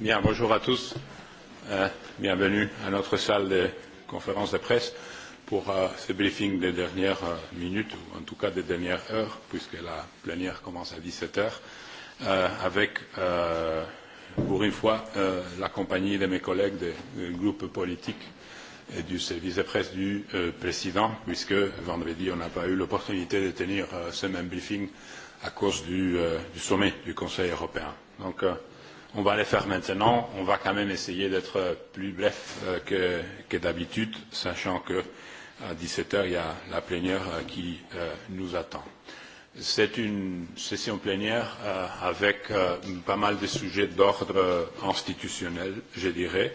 Bien, bonjour à tous. Euh, bienvenue à notre salle de conférence de presse pour euh, ce briefing des dernières euh, minutes, ou en tout cas des dernières heures, puisque la plénière commence à 17 heures, euh, avec, euh, pour une fois, euh, la compagnie de mes collègues des, groupe groupes politiques et du service de presse du euh, président, puisque vendredi, on n'a pas eu l'opportunité de tenir euh, ce même briefing à cause du, euh, du sommet du Conseil européen. Donc, euh, on va les faire maintenant. On va quand même essayer d'être plus bref euh, que, que d'habitude, sachant que à 17h, il y a la plénière euh, qui euh, nous attend. C'est une session plénière avec pas mal de sujets d'ordre institutionnel, je dirais.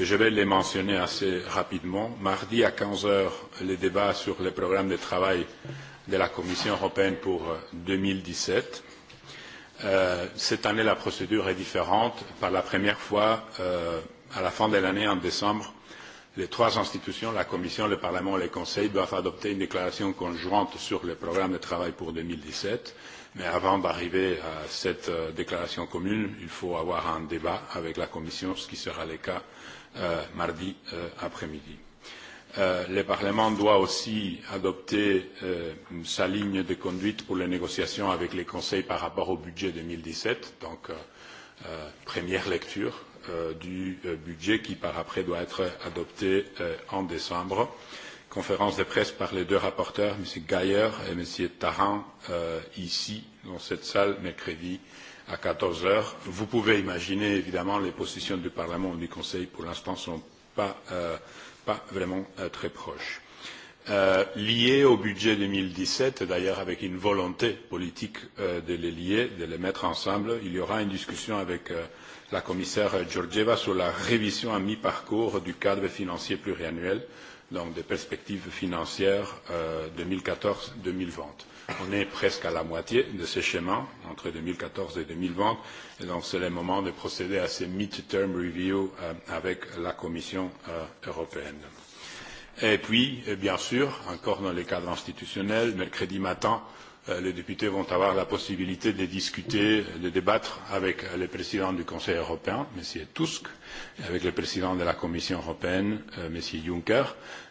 Je vais les mentionner assez rapidement. Mardi à 15 heures, les débats sur le programme de travail de la Commission européenne pour 2017 Euh, cette année, la procédure est différente. Par la première fois, euh, à la fin de l'année, en décembre, les trois institutions, la Commission, le Parlement et le Conseil, doivent adopter une déclaration conjointe sur le programme de travail pour 2017. Mais avant d'arriver à cette euh, déclaration commune, il faut avoir un débat avec la Commission, ce qui sera le cas mardi après-midi. Euh, le Parlement doit aussi adopter euh, sa ligne de conduite pour les négociations avec les conseils par rapport au budget 2017, donc euh, première lecture du budget qui par après doit être adopté en décembre. Conférence de presse par les deux rapporteurs, M. Gaillard et M. Taran, ici, dans cette salle, mercredi à 14 heures. Vous pouvez imaginer, évidemment, les positions du Parlement et du Conseil pour l'instant sont pas, euh, pas vraiment euh, très proche. Euh, lié au budget deux mille dix sept d'ailleurs avec une volonté politique euh, de les lier de les mettre ensemble il y aura une discussion avec euh, la commissaire georgieva sur la révision à mi parcours du cadre financier pluriannuel donc des perspectives financières euh, deux mille quatorze on est presque à la moitié de ce schéma entre 2014 et 2020. Et donc, c'est le moment de procéder à ces mid-term reviews euh, avec la Commission euh, européenne. Et puis, euh, bien sûr, encore dans le cadre institutionnel, mercredi matin, les députés vont avoir la possibilité de discuter, de débattre avec le président du Conseil européen, M. Tusk, avec le président de la Commission européenne, Monsieur Juncker,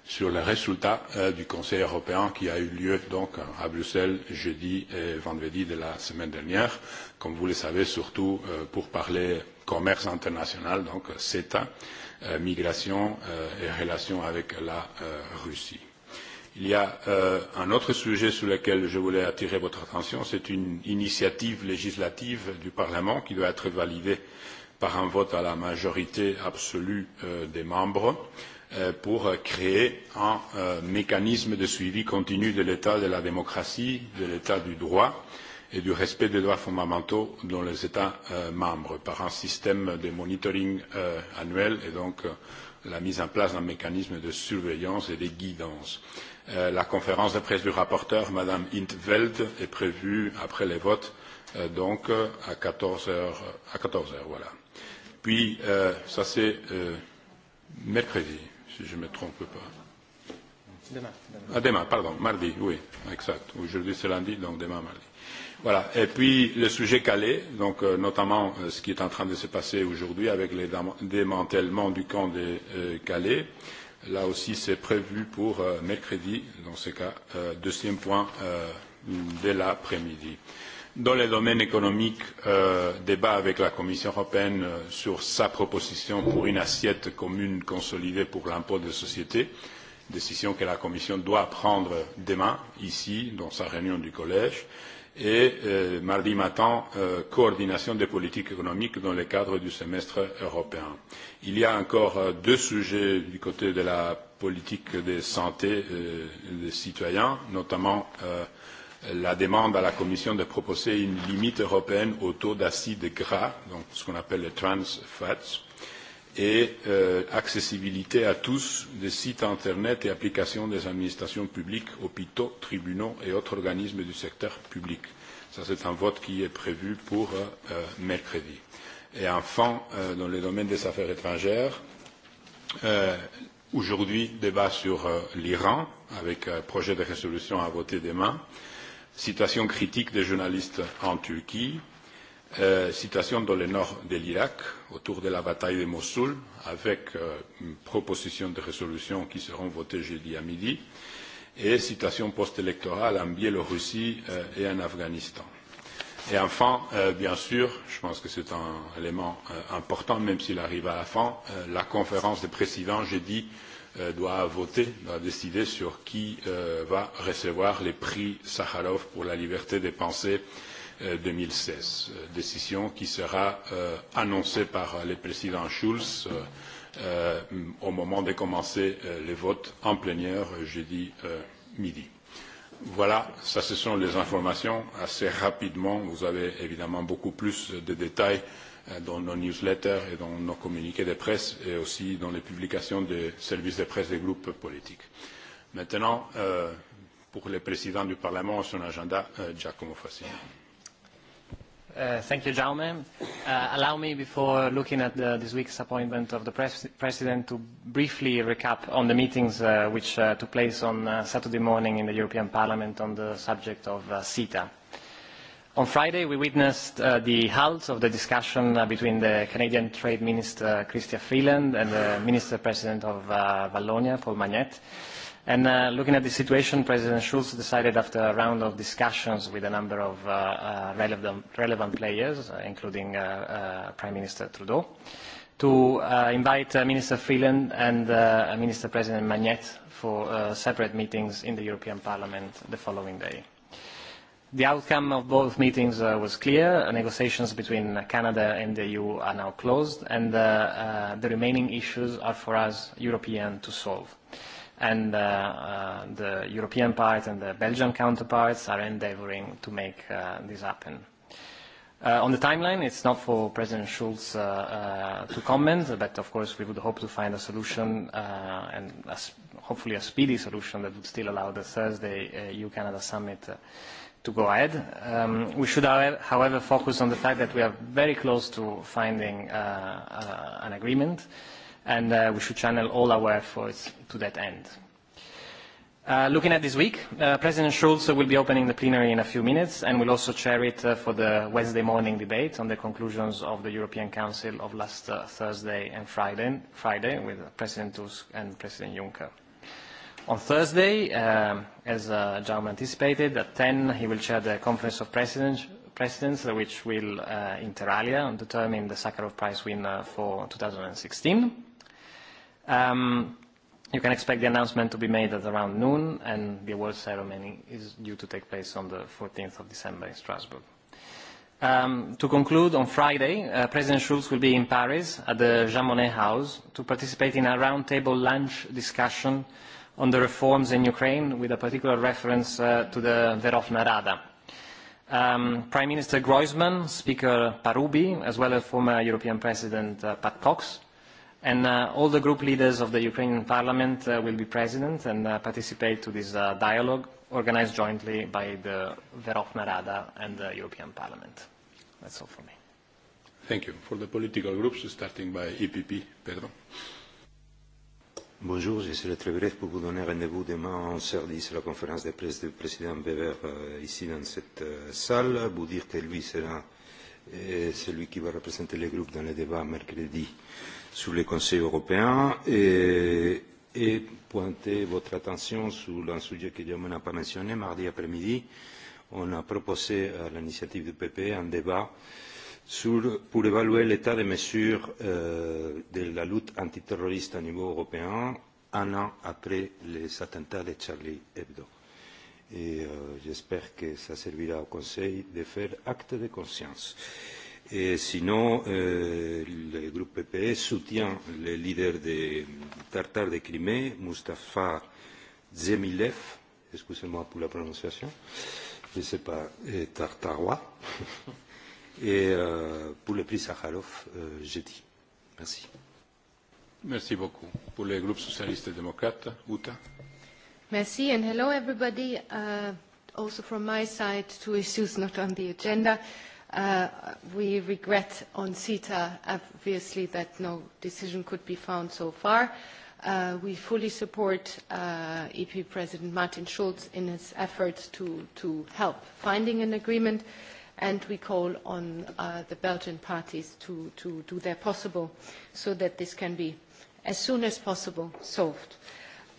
sur les résultats euh, du Conseil européen qui a eu lieu donc à Bruxelles jeudi et vendredi de la semaine dernière, comme vous le savez, surtout euh, pour parler commerce international, donc CETA, euh, migration et relations avec la Russie. Il y a un autre sujet sur lequel je voulais attirer votre attention, c'est une initiative législative du Parlement qui doit être validée par un vote à la majorité absolue euh, des membres euh, pour créer un euh, mécanisme de suivi continu de l'état de la démocratie de l'état du droit et du respect des droits fondamentaux dans les états membres par un système de monitoring annuel et donc la mise en place d'un mécanisme de surveillance et de guidance. la conférence de presse du rapporteur mme Intveld, est prévue après les votes donc à 14 heures à 14 heures voilà. Puis, euh, ça c'est euh, mercredi, si je ne me trompe pas. Demain. demain. Ah, demain, pardon, mardi, oui, exact. Aujourd'hui c'est lundi, donc demain, mardi. Voilà. Et puis, le sujet calais, donc euh, notamment euh, ce qui est en train de se passer aujourd'hui avec le démantèlement du camp de euh, Calais. Là aussi, c'est prévu pour euh, mercredi, dans ce cas, euh, deuxième point euh, de l'après-midi dans le domaine économique euh, débat avec la commission européenne euh, sur sa proposition pour une assiette commune consolidée pour l'impôt des sociétés décision que la commission doit prendre demain ici dans sa réunion du collège et euh, mardi matin coordination des politiques économiques dans le cadre du semestre européen. il y a encore deux sujets du côté de la politique de santé des citoyens notamment la demande à la Commission de proposer une limite européenne au taux d'acides gras, donc ce qu'on appelle les trans fats, et euh, accessibilité à tous des sites Internet et applications des administrations publiques, hôpitaux, tribunaux et autres organismes du secteur public. Ça, c'est un vote qui est prévu pour euh, euh mercredi. Et enfin, euh, dans le domaine des affaires étrangères, euh, aujourd'hui, débat sur euh, l'Iran, avec un euh, projet de résolution à voter demain situation critique des journalistes en Turquie, euh, situation dans le nord de l'Irak, autour de la bataille de Mossoul, avec euh, une proposition de résolution qui seront votées jeudi à midi, et situation post-électorale en Biélorussie euh, et en Afghanistan. Et enfin, euh, bien sûr, je pense que c'est un élément euh, important, même s'il arrive à la fin, euh, la conférence des présidents jeudi Euh, doit voter, doit décider sur qui euh, va recevoir les prix Sakharov pour la liberté des pensées 2016. Euh, décision qui sera annoncée par le président Schulz au moment de commencer les votes en plénière jeudi midi. Voilà, ça ce sont les informations assez rapidement. Vous avez évidemment beaucoup plus de détails Euh, dans nos newsletters et dans nos communiqués de presse et aussi dans les publications des services de presse des groupes politiques. Maintenant, euh, pour le président du Parlement, son agenda, euh, Giacomo Fassino. Uh, thank you, Jaume. Uh, allow me, before looking at the, this week's appointment of the pres President, to briefly recap on the meetings uh, which uh, took place on uh, Saturday morning in the European Parliament on the subject of uh, CETA. On Friday, we witnessed uh, the halt of the discussion uh, between the Canadian Trade Minister, Chrystia Freeland, and the Minister President of uh, Wallonia, Paul Magnette. And uh, looking at the situation, President Schulz decided after a round of discussions with a number of uh, relevant, relevant players, including uh, Prime Minister Trudeau, to uh, invite Minister Freeland and uh, Minister President Magnette for uh, separate meetings in the European Parliament the following day. The outcome of both meetings uh, was clear. Negotiations between Canada and the EU are now closed, and uh, uh, the remaining issues are for us European to solve. And uh, uh, the European part and the Belgian counterparts are endeavoring to make uh, this happen. Uh, on the timeline, it's not for President Schulz uh, uh, to comment, but of course, we would hope to find a solution and a, hopefully a speedy solution that would still allow the Thursday EU-Canada summit to go ahead. Um, we should, however, focus on the fact that we are very close to finding uh, uh, an agreement, and uh, we should channel all our efforts to that end. Uh, looking at this week, uh, President Schulz will be opening the plenary in a few minutes and will also chair it uh, for the Wednesday morning debate on the conclusions of the European Council of last uh, Thursday and Friday, Friday with President Tusk and President Juncker. On Thursday, um, as uh, anticipated, at 10 he will chair the Conference of Presidents, Presidents which will, uh, inter alia, determine the Sakharov Prize winner for 2016. Um, you can expect the announcement to be made at around noon, and the award ceremony is due to take place on the 14th of December in Strasbourg. Um, to conclude, on Friday, uh, President Schulz will be in Paris at the Jean Monnet House to participate in a roundtable lunch discussion on the reforms in Ukraine, with a particular reference uh, to the Verovna Rada. Um, Prime Minister Groisman, Speaker Parubi, as well as former European President uh, Pat Cox, and uh, all the group leaders of the Ukrainian Parliament uh, will be present and uh, participate to this uh, dialogue organized jointly by the Verovna Rada and the European Parliament. That's all for me. Thank you. For the political groups, starting by EPP, Pedro. Bonjour, je serai très bref pour vous donner rendez-vous demain en service à la conférence de presse du président Bever euh, ici dans cette euh, salle. Vous dire que lui sera euh, celui qui va représenter le groupe dans le débat mercredi sur le Conseil européen et, et pointer votre attention sur un sujet que Diamond n'a pas mentionné. Mardi après-midi, on a proposé à l'initiative du PPE un débat pour évaluer l'état des mesures euh, de la lutte antiterroriste au niveau européen un an après les attentats de Charlie Hebdo. Et euh, j'espère que ça servira au Conseil de faire acte de conscience. Et sinon, euh, le groupe PPE soutient le leader des Tartares de Crimée, Mustafa Zemilev, excusez-moi pour la prononciation, je ne sais pas, tartarois, et euh, pour le prix Sakharov euh, jeudi. Merci. Merci beaucoup. Pour le groupe socialiste et démocrate, Uta. Merci and hello everybody. Uh, also from my side, two issues not on the agenda. Uh, we regret on CETA, obviously, that no decision could be found so far. Uh, we fully support uh, EP President Martin Schulz in his efforts to, to help finding an agreement. Uh, and we call on uh, the Belgian parties to, to do their possible so that this can be, as soon as possible, solved.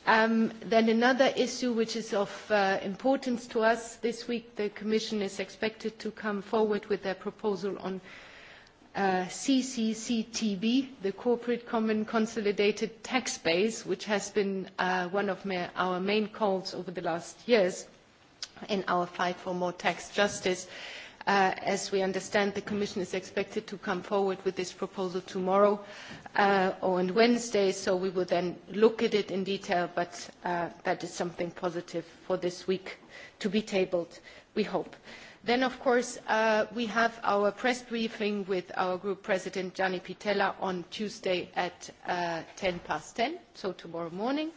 Um, then another issue which is of uh, importance to us this week, the Commission is expected to come forward with their proposal on uh, CCCTB, the Corporate Common Consolidated Tax Base, which has been uh, one of our main calls over the last years in our fight for more tax justice. Uh, as we understand, the Commission is expected to come forward with this proposal tomorrow uh, or on Wednesday, so we will then look at it in detail, but uh, that is something positive for this week to be tabled, we hope. Then, of course, we have our press briefing with our group president, Gianni Pitella, on Tuesday at 10 past 10, so tomorrow morning.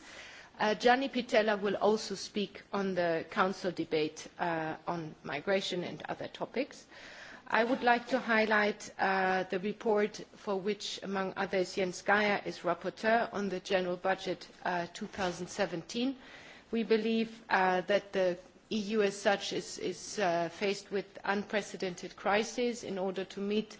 Uh, Gianni Pittella will also speak on the Council debate uh, on migration and other topics. I would like to highlight uh, the report for which, among others, Jens Geier is rapporteur on the General Budget 2017. We believe that the EU as such is, is faced with unprecedented crises in order to meet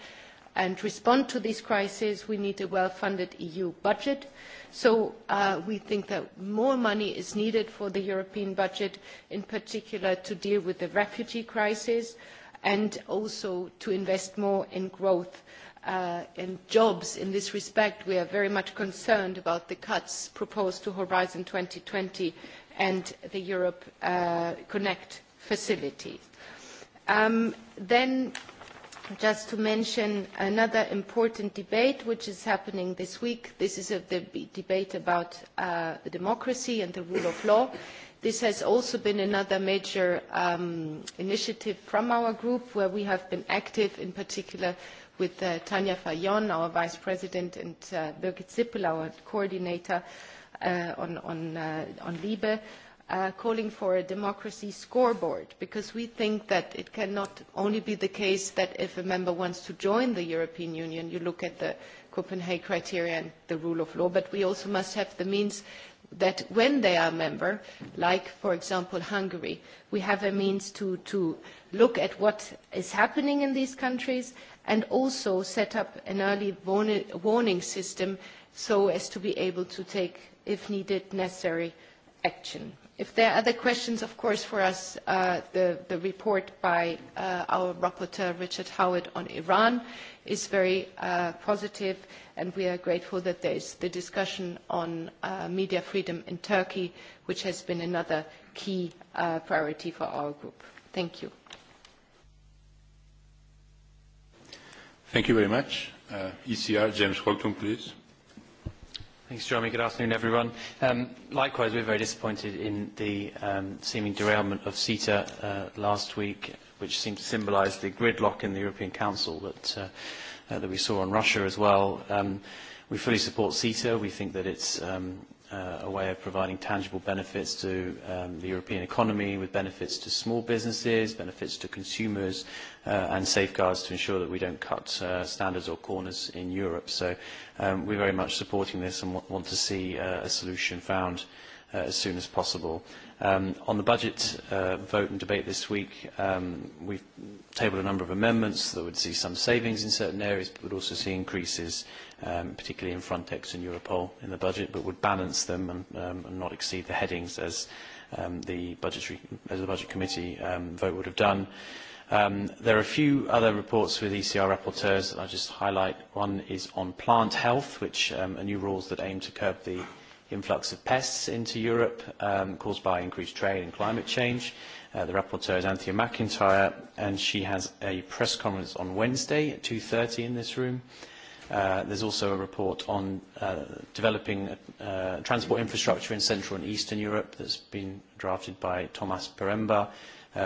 and respond to this crisis we need a well funded eu budget so uh, we think that more money is needed for the european budget in particular to deal with the refugee crisis and also to invest more in growth and uh, jobs in this respect we are very much concerned about the cuts proposed to horizon 2020 and the europe uh, connect facility um, then just to mention another important debate which is happening this week. This is a debate about uh, democracy and the rule of law. This has also been another major um, initiative from our group where we have been active, in particular with uh, Tanja Fayon, our Vice President, and uh, Birgit Zippel, our coordinator on, on, on LIBE Uh, calling for a democracy scoreboard because we think that it cannot only be the case that if a member wants to join the European Union, you look at the Copenhagen criteria and the rule of law, but we also must have the means that when they are a member, like, for example, Hungary, we have a means to, to look at what is happening in these countries and also set up an early warning system so as to be able to take, if needed, necessary action. If there are other questions, of course, for us, uh, the, the report by uh, our rapporteur, Richard Howard, on Iran is very uh, positive, and we are grateful that there is the discussion on uh, media freedom in Turkey, which has been another key uh, priority for our group. Thank you. Thank you very much. Uh, ECR, James Holton, please. Thanks, Jeremy. Good afternoon, everyone. Um, likewise, we're very disappointed in the um, seeming derailment of CETA uh, last week, which seemed to symbolize the gridlock in the European Council that, uh, uh, that we saw on Russia as well. Um, we fully support CETA. We think that it's um, uh, a way of providing tangible benefits to um, the European economy with benefits to small businesses, benefits to consumers uh, and safeguards to ensure that we don't cut uh, standards or corners in Europe. So um, we're very much supporting this and want to see uh, a solution found uh, as soon as possible. Um, on the budget uh, vote and debate this week, um, we've tabled a number of amendments that would see some savings in certain areas, but would also see increases, um, particularly in Frontex and Europol in the budget, but would balance them and, um, not exceed the headings as, the, budgetary, as the Budget Committee vote would have done. Um, there are a few other reports with ECR rapporteurs that I'll just highlight. One is on plant health, which um, are new rules that aim to curb the influx of pests into Europe um, caused by increased trade and climate change. Uh, the rapporteur is Anthea McIntyre, and she has a press conference on Wednesday at 2.30 in this room. Uh, there's also a report on uh, developing uh, transport infrastructure in Central and Eastern Europe that's been drafted by Thomas Peremba,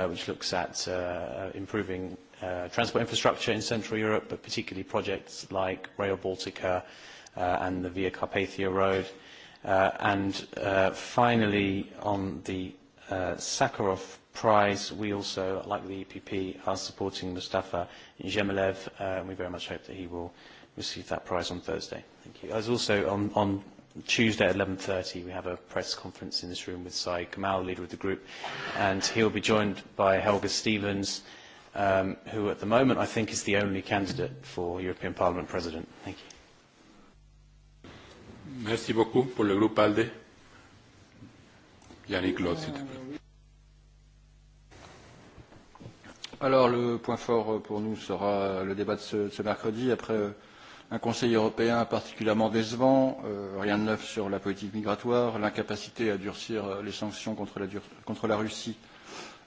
which looks at improving transport infrastructure in Central Europe, but particularly projects like Rail Baltica and the Via Carpathia Road. Uh, and uh, finally, on the uh, Sakharov Prize, we also, like the EPP, are supporting Mustafa Zhemilev, uh, and we very much hope that he will receive that prize on Thursday. Thank you. As also on, on Tuesday at 11.30, we have a press conference in this room with Sai Kamal, leader of the group, and he will be joined by Helga Stevens, um, who at the moment I think is the only candidate for European Parliament President. Thank you. Merci beaucoup pour le groupe ALDE. Yannick Alors, le point fort euh, pour nous sera le débat de ce, ce mercredi. Après euh, un Conseil européen particulièrement décevant, euh, rien de neuf sur la politique migratoire, l'incapacité à durcir euh, les sanctions contre la, contre la Russie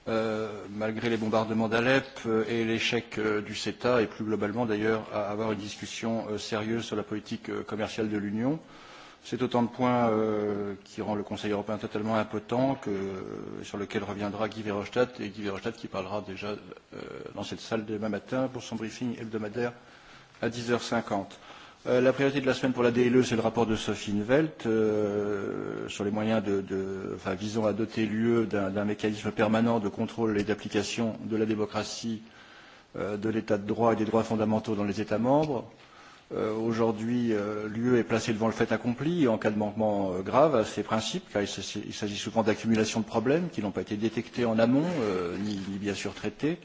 euh, malgré les bombardements d'Alep et l'échec du CETA, et plus globalement d'ailleurs à avoir une discussion sérieuse sur la politique commerciale de l'Union. C'est autant de points euh, qui rend le Conseil européen totalement impotent, que, euh, sur lequel reviendra Guy Verhofstadt, et Guy Verhofstadt qui parlera déjà euh, dans cette salle demain matin pour son briefing hebdomadaire à 10h50. la priorité de la semaine pour la DLE, c'est le rapport de Sophie Invelt sur les moyens de, enfin, visant à doter l'UE d'un mécanisme permanent de contrôle et d'application de la démocratie, de l'état de droit et des droits fondamentaux dans les États membres. Euh, aujourd'hui euh, l'UE est placée devant le fait accompli en cas de manquement euh, grave à ces principes, car il s'agit souvent d'accumulation de problèmes qui n'ont pas été détectés en amont, ni, ni bien sûr traités.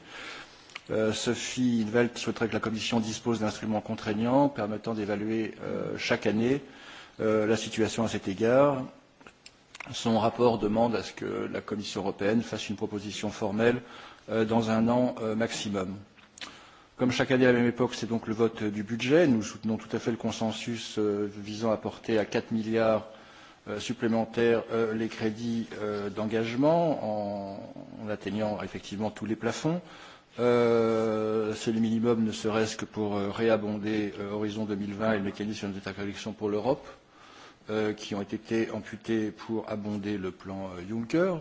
Sophie Invelt souhaiterait que la Commission dispose d'instruments contraignants permettant d'évaluer chaque année la situation à cet égard. Son rapport demande à ce que la Commission européenne fasse une proposition formelle dans un an maximum. Comme chaque année à la même époque, c'est donc le vote du budget. Nous soutenons tout à fait le consensus euh, visant à porter à 4 milliards euh, supplémentaires euh, les crédits d'engagement en atteignant effectivement tous les plafonds. C'est le minimum, ne serait-ce que pour réabonder Horizon 2020 et le mécanisme d'interconnexion pour l'Europe, qui ont été amputés pour abonder le plan Juncker.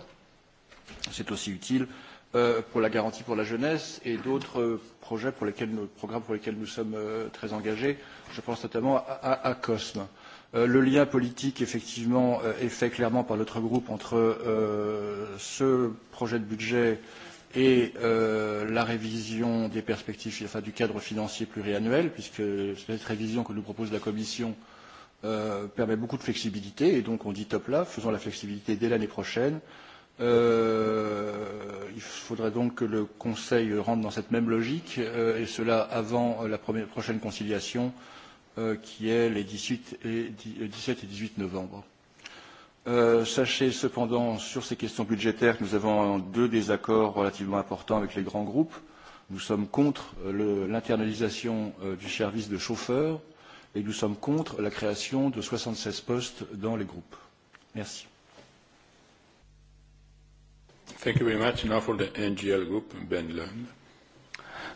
C'est aussi utile Euh, pour la garantie pour la jeunesse et d'autres euh, projets pour lesquels nous, programmes pour lesquels nous sommes euh, très engagés. Je pense notamment à, à, à COSME. Le lien politique, effectivement, est fait clairement par notre groupe entre euh, ce projet de budget et euh, la révision des perspectives, enfin du cadre financier pluriannuel, puisque cette révision que nous propose la Commission euh, permet beaucoup de flexibilité, et donc on dit top là, faisons la flexibilité dès l'année prochaine faudrait donc que le Conseil rentre dans cette même logique, euh, et cela avant euh, la prochaine conciliation, euh, qui est les 18 et, 17 et 18 novembre. sachez cependant sur ces questions budgétaires que nous avons deux désaccords relativement importants avec les grands groupes. Nous sommes contre l'internalisation du service de chauffeur et nous sommes contre la création de 76 postes dans les groupes. Merci. Thank you very much. Now for the NGL group, Ben Lund.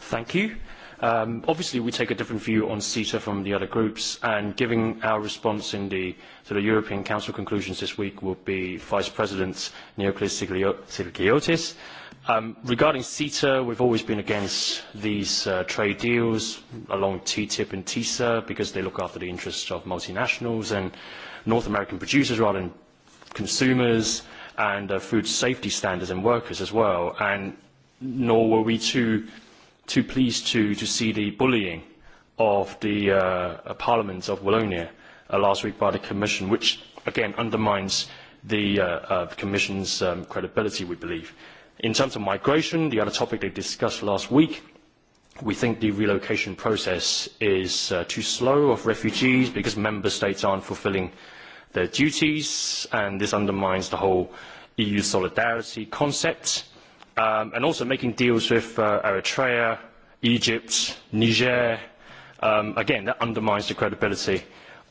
Thank you. Um, obviously, we take a different view on CETA from the other groups, and giving our response in the, to the European Council conclusions this week will be Vice President Neoclis Sigliotis. Um, regarding CETA, we've always been against these uh, trade deals along TTIP and TISA because they look after the interests of multinationals and North American producers rather than consumers and uh, food safety standards and workers as well. And nor were we too, too pleased to, to see the bullying of the uh, uh Parliament of Wallonia uh, last week by the Commission, which again undermines the, uh, uh, the Commission's um, credibility, we believe. In terms of migration, the other topic they discussed last week, we think the relocation process is uh, too slow of refugees because member states aren't fulfilling their duties and this undermines the whole eu solidarity concept um, and also making deals with uh, eritrea egypt niger um, again that undermines the credibility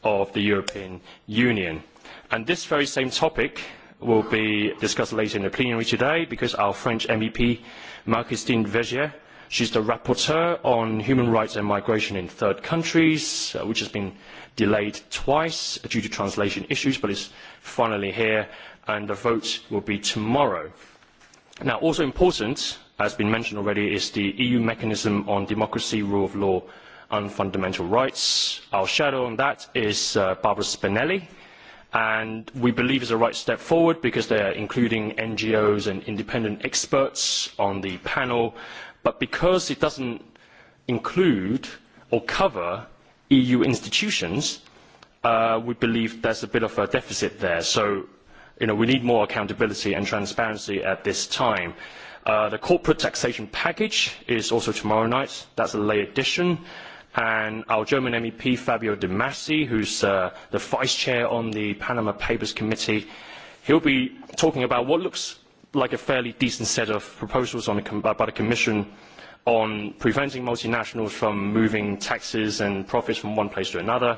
of the european union and this very same topic will be discussed later in the plenary today because our french mep Marc Christine Vergier She's the rapporteur on human rights and migration in third countries, uh, which has been delayed twice due to translation issues, but is finally here, and the vote will be tomorrow. Now, also important, as has been mentioned already, is the EU mechanism on democracy, rule of law, and fundamental rights. Our shadow on that is uh, Barbara Spinelli, and we believe it is a right step forward because they are including NGOs and independent experts on the panel but because it doesn't include or cover eu institutions uh, we believe there's a bit of a deficit there so you know we need more accountability and transparency at this time uh, the corporate taxation package is also tomorrow night that's a late edition and our German MEP Fabio De Massi, who's uh, the vice chair on the Panama Papers Committee, he'll be talking about what looks like a fairly decent set of proposals on a, by the Commission on preventing multinationals from moving taxes and profits from one place to another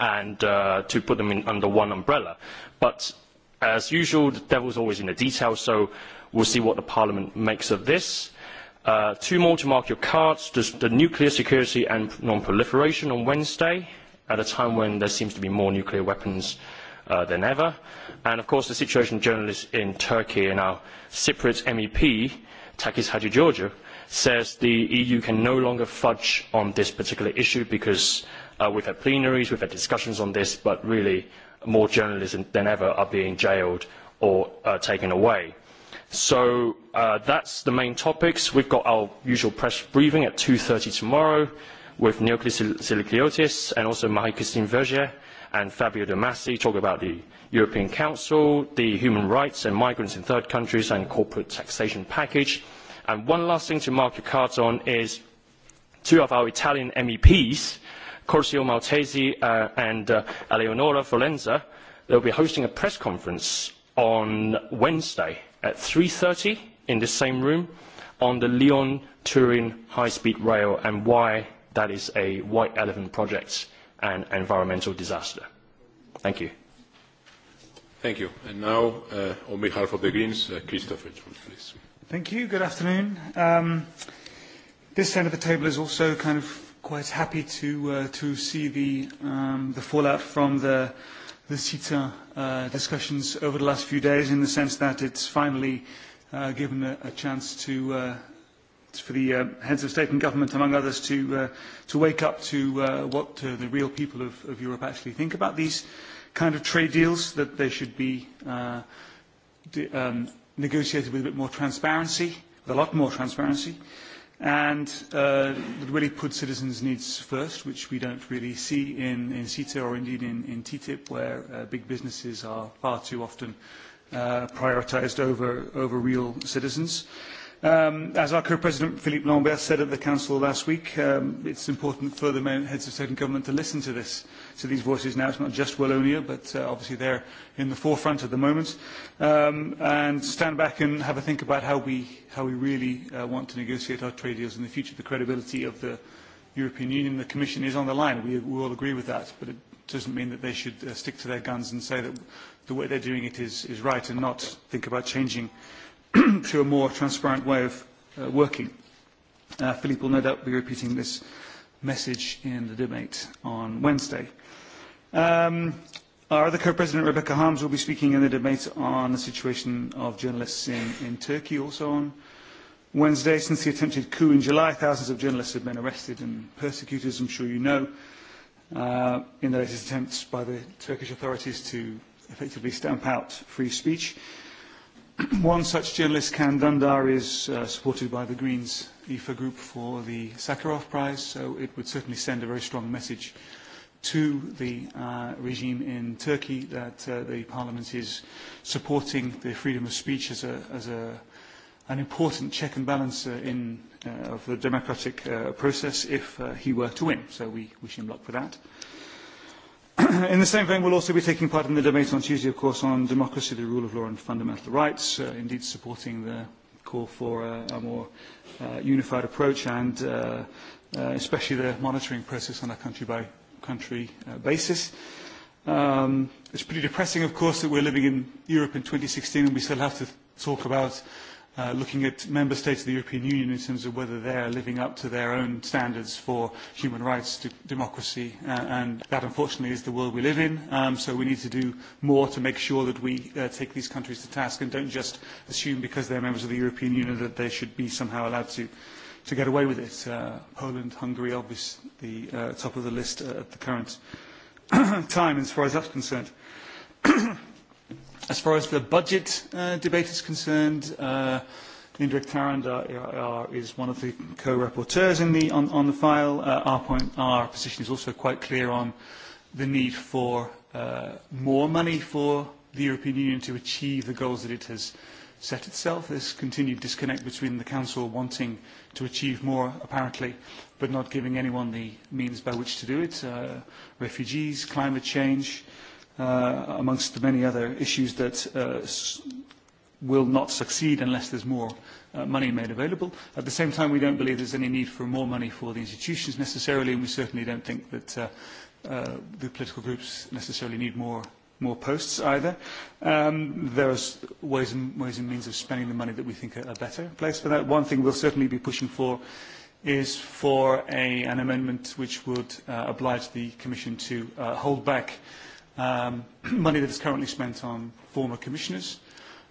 and uh, to put them in under one umbrella. But as usual, the devil's always in the details, so we'll see what the Parliament makes of this. Uh, two more to mark your cards. the nuclear security and non-proliferation on Wednesday, at a time when there seems to be more nuclear weapons Uh, than ever. And of course the situation of journalists in Turkey and our Cypriot MEP, Takis Hadjigeorgiou, says the EU can no longer fudge on this particular issue because uh, we've had plenaries, we've had discussions on this, but really more journalists than ever are being jailed or uh, taken away. So uh, that's the main topics. We've got our usual press briefing at 2.30 tomorrow with Neoclis Silikliotis and also Marie-Christine Vergier and Fabio De Masi talk about the European Council, the human rights and migrants in third countries and corporate taxation package. And one last thing to mark your cards on is two of our Italian MEPs, Corsio Maltesi uh, and uh, Eleonora Valenza, they'll be hosting a press conference on Wednesday at 3.30 in the same room on the Lyon-Turin high-speed rail and why that is a white elephant project and environmental disaster. Thank you. Thank you. And now, uh, on behalf of the Greens, uh, Christopher please. Thank you. Good afternoon. Um, this end of the table is also kind of quite happy to uh, to see the um, the fallout from the the CETA uh, discussions over the last few days, in the sense that it's finally uh, given a, a chance to uh, for the uh, heads of state and government, among others, to, uh, to wake up to uh, what the real people of, of Europe actually think about these kind of trade deals, that they should be um, negotiated with a bit more transparency, with a lot more transparency, and that really put citizens' needs first, which we don't really see in, in CETA or indeed in, in TTIP, where big businesses are far too often uh, prioritized over, over real citizens. Um, as our co-president Philippe Lambert said at the council last week, um, it's important for the heads of state and government to listen to this, to these voices now. It's not just Wallonia, but uh, obviously obviously are in the forefront at the moment, um, and stand back and have a think about how we how we really uh, want to negotiate our trade deals in the future. The credibility of the European Union, the Commission is on the line. We, we all agree with that, but it doesn't mean that they should uh, stick to their guns and say that the way they're doing it is, is right and not think about changing to a more transparent way of uh, working. Uh, Philippe will no doubt be repeating this message in the debate on Wednesday. Um, our other co-president, Rebecca Harms, will be speaking in the debate on the situation of journalists in, in Turkey, also on Wednesday. Since the attempted coup in July, thousands of journalists have been arrested and persecuted, as I'm sure you know, uh, in the latest attempts by the Turkish authorities to effectively stamp out free speech. One such journalist, Can Dundar, is uh, supported by the Greens IFA e group for the Sakharov Prize, so it would certainly send a very strong message to the uh, regime in Turkey that uh, the parliament is supporting the freedom of speech as, a, as a, an important check and balance uh, in, uh, of the democratic uh, process if uh, he were to win. So we wish him luck for that. in the same vein, we'll also be taking part in the debate on Tuesday, of course, on democracy, the rule of law and fundamental rights, uh, indeed supporting the call for a, more uh, unified approach and uh, especially the monitoring process on a country-by-country basis. It um, it's pretty depressing, of course, that we're living in Europe in 2016 and we still have to talk about Uh, looking at member states of the European Union in terms of whether they are living up to their own standards for human rights, to democracy, uh, and that unfortunately is the world we live in. Um, so we need to do more to make sure that we uh, take these countries to task and don't just assume because they're members of the European Union that they should be somehow allowed to to get away with it. Uh, Poland, Hungary, obviously the uh, top of the list at the current time as far as that's concerned. As far as the budget uh, debate is concerned, uh, Linda Tarand is one of the co-rapporteurs in the, on, on the file. Uh, our, point, our position is also quite clear on the need for uh, more money for the European Union to achieve the goals that it has set itself. This continued disconnect between the Council wanting to achieve more, apparently, but not giving anyone the means by which to do it. Uh, refugees, climate change, uh, amongst the many other issues that uh, will not succeed unless there's more uh, money made available. At the same time, we don't believe there's any need for more money for the institutions necessarily, and we certainly don't think that uh, uh, the political groups necessarily need more more posts either. Um, are ways and, ways and means of spending the money that we think are a better place for that. One thing we'll certainly be pushing for is for a, an amendment which would uh, oblige the Commission to uh, hold back um, money that is currently spent on former commissioners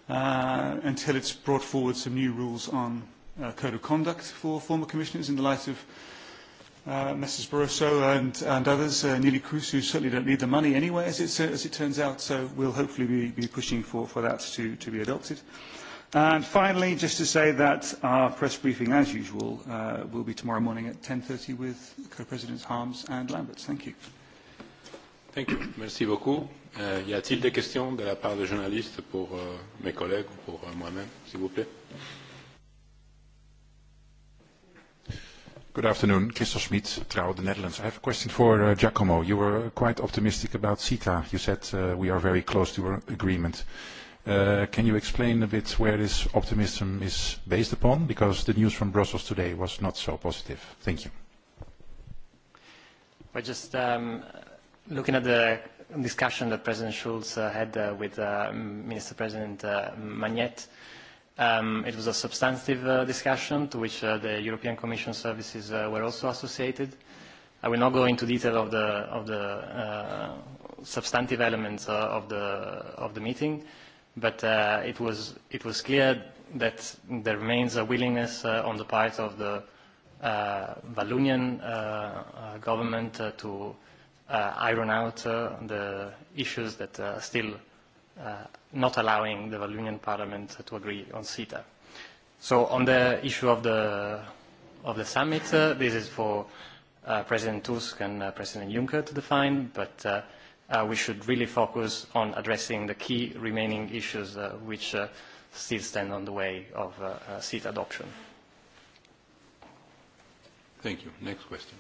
uh, until it's brought forward some new rules on uh, code of conduct for former commissioners in the light of uh, Mrs. Barroso and, and others, uh, Neelie Cruz, who certainly don't need the money anyway, as it, as it turns out, so we'll hopefully be, be pushing for, for that to, to be adopted. And finally, just to say that our press briefing, as usual, uh, will be tomorrow morning at 10.30 with Co-Presidents Harms and Lambert. Thank you. Thank you. Merci beaucoup. Euh, y a-t-il des questions de la part des journalistes pour euh, mes collègues ou pour euh, moi-même, s'il vous plaît Good afternoon. Christel Schmid, Trouw, the Netherlands. I have a question for uh, Giacomo. You were quite optimistic about CETA. You said uh, we are very close to an agreement. Uh, can you explain a bit where this optimism is based upon? Because the news from Brussels today was not so positive. Thank you. Well, just um, looking at the discussion that President Schulz uh, had uh, with uh, Minister President uh, Magnet, um, it was a substantive uh, discussion to which uh, the European Commission services uh, were also associated. I will not go into detail of the, of the uh, substantive elements uh, of, the, of the meeting, but uh, it, was, it was clear that there remains a willingness uh, on the part of the uh, Valunian uh, uh, government uh, to Uh, iron out uh, the issues that are still uh, not allowing the Valunian Parliament to agree on CETA. So on the issue of the, of the summit, uh, this is for uh, President Tusk and uh, President Juncker to define, but uh, we should really focus on addressing the key remaining issues uh, which uh, still stand on the way of uh, CETA adoption. Thank you. Next question.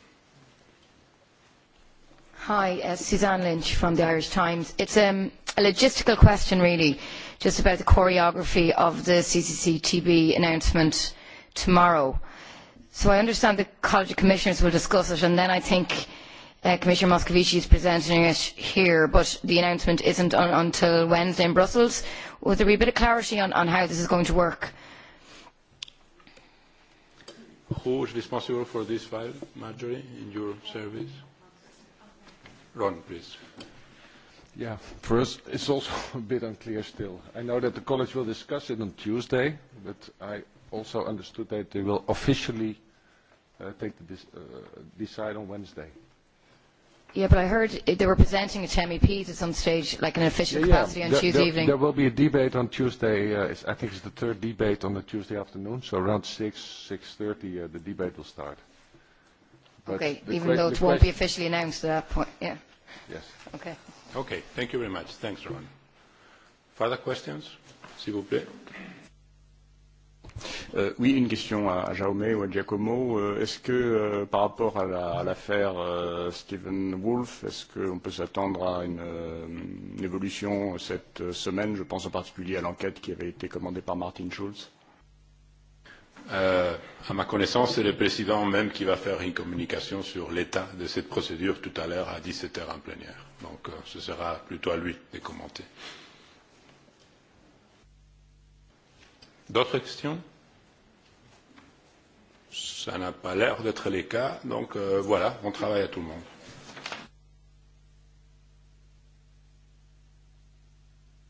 Hi, uh, Suzanne Lynch from the Irish Times. It's um, a logistical question, really, just about the choreography of the CCCTB announcement tomorrow. So I understand the College of Commissioners will discuss it, and then I think uh, Commissioner Moscovici is presenting it here, but the announcement isn't on, until Wednesday in Brussels. Would there be a bit of clarity on, on how this is going to work? Who is responsible for this file, Marjorie, in your service? Ron, please. Yeah, first, it's also a bit unclear still. I know that the college will discuss it on Tuesday, but I also understood that they will officially uh, take the uh, decide on Wednesday. Yeah, but I heard they were presenting it to MEPs at some stage, like an official yeah, capacity on Tuesday there, evening. There will be a debate on Tuesday. Uh, I think it's the third debate on the Tuesday afternoon, so around 6, 6.30 uh, the debate will start. Okay, even though it won't be officially announced at that point, yeah. Yes. Okay. Okay, thank you very much. Thanks, Ron. Further questions, s'il vous plaît? Euh, oui, une question à Jaume ou à Giacomo. Euh, est-ce que, euh, par rapport à l'affaire Steven Stephen Wolf, est-ce qu'on peut s'attendre à une, une évolution cette semaine Je pense en particulier à l'enquête qui avait été commandée par Martin Schulz. Euh, à ma connaissance, c'est le président même qui va faire une communication sur l'état de cette procédure tout à l'heure à 17h en plénière. Donc euh, ce sera plutôt à lui de commenter. D'autres questions Ça n'a pas l'air d'être les cas. Donc euh, voilà, on travaille à tout le monde.